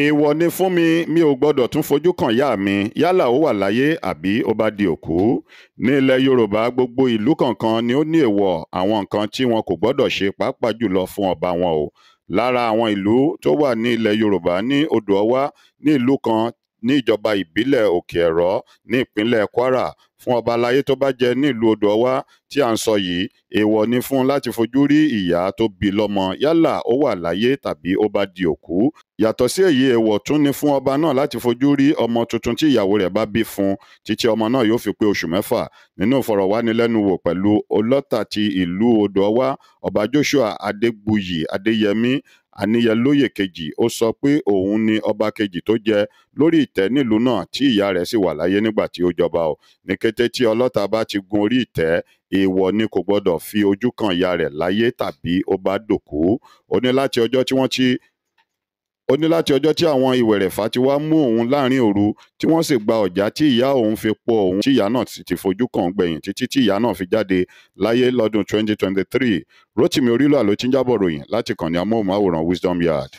èèwọ̀ ni fún mi mi ò gbọ́dọ̀ tún fojú kan ìyá mi yálà ó wà láyé àbí ó bá di òkú ní ilẹ̀ yorùbá gbogbo ìlú kọ̀ọ̀kan ni ó ní èèwọ̀ àwọn nǹkan tí wọn kò gbọ́dọ̀ ṣe pàápàá jùlọ fún ọba wọn o lára àwọn ìlú tó wà ní ilẹ̀ yorùbá ní odò ọwá ní ìlú kan ní ìjọba ìbílẹ̀ òkè ẹ̀rọ ní ìpínlẹ̀ kwara fún ọba aláyé tó bá jẹ nílùú odò ọwá tí à ń sọ yìí èèwọ̀ ni fún láti fojú rí ìyá tó bí lọ́mọ yálà ó wà láyé tàbí ó bá di òkú yàtọ̀ sí èyí èèwọ̀ tún ni fún ọba náà láti fojú rí ọmọ tuntun tí ìyàwó rẹ̀ bá bí fún títí ọmọ náà yóò fi pé oṣù mẹ́fà nínú ìfọ̀rọ̀wánilẹ́nuwò pẹ̀lú ọlọ́tà ti ìlú odò ọba Joshua Adégbuyì Adéyẹmí Aníyẹlóyè kejì ó sọ pé òun ni ọba kejì tó jẹ lórí ìtẹ́ nílùú náà tí ìyá rẹ̀ sì wà láyé nígbà tí ó jọba o ní kété tí ọlọ́tà bá ti gun orí ìtẹ́ èèwọ̀ ni kò gbọdọ̀ fi ojú kan ìyá rẹ̀ láyé tàbí ó bá dòkú ó ní láti ọjọ́ tí wọ́n ti ó ní láti ọjọ́ tí àwọn ìwẹ̀rẹ̀fà ti wá mú òun láàrin òru tí wọ́n sì gba ọ̀já tí ìyá òun fi pọ̀ òun tí ìyá náà ti fojú kàn gbẹ̀yìn títí tí ìyá náà fi jáde láyé lọ́dún 2023 Rotimi Orílọ̀ ló ti ń jábọ̀ ròyìn láti kàn ní amóhùnmáwòrán Wisdom Yard.